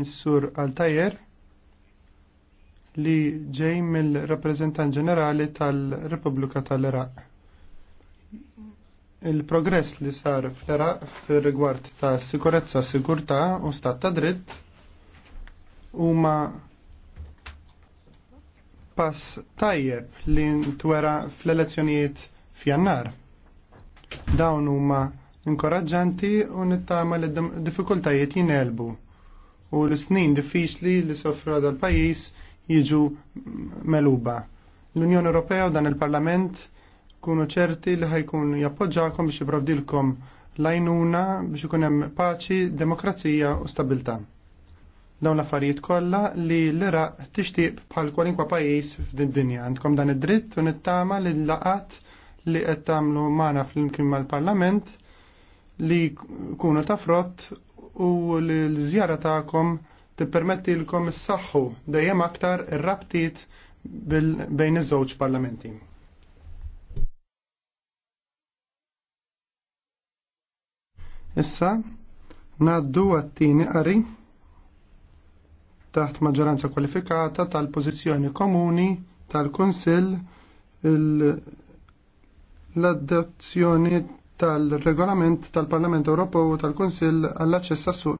Missur Altajer li ġej mill-rappreżentant ġenerali tal-Repubblika tal-Iraq. Il-progress li sar fl-Iraq fir-rigward ta' sikurezza, sigurtà u stat ta' dritt huma pass tajjeb li ntwera fl-elezzjonijiet f'jannar. Dawn huma inkoraġġanti u nittama li diffikultajiet jinelbu u l-snin diffiċli li sofra dal-pajis jiġu meluba. L-Unjoni Ewropea u dan il-Parlament kunu ċerti li ħajkun jappoġġakom biex jiprovdilkom lajnuna biex ikun hemm paċi, demokrazija u stabilità. Dawn l-affarijiet kollha li l-Iraq tixtieq bħal kwalinkwa pajjiż fid dinja. Għandkom dan id-dritt u nittama li laqat li qed tagħmlu magħna fl-imkien mal-Parlament li kunu ta' frott u l-żjara tagħkom tippermetti lkom issaħħu dejjem aktar ir-rabtiet bejn iż-żewġ parlamenti. Issa ngħaddu għat-tieni qari taħt maġġoranza kwalifikata tal-pożizzjoni komuni tal-Kunsill l-adozzjoni tal-regolament tal-Parlament Ewropew u tal-Kunsill għall-aċċess għas-suq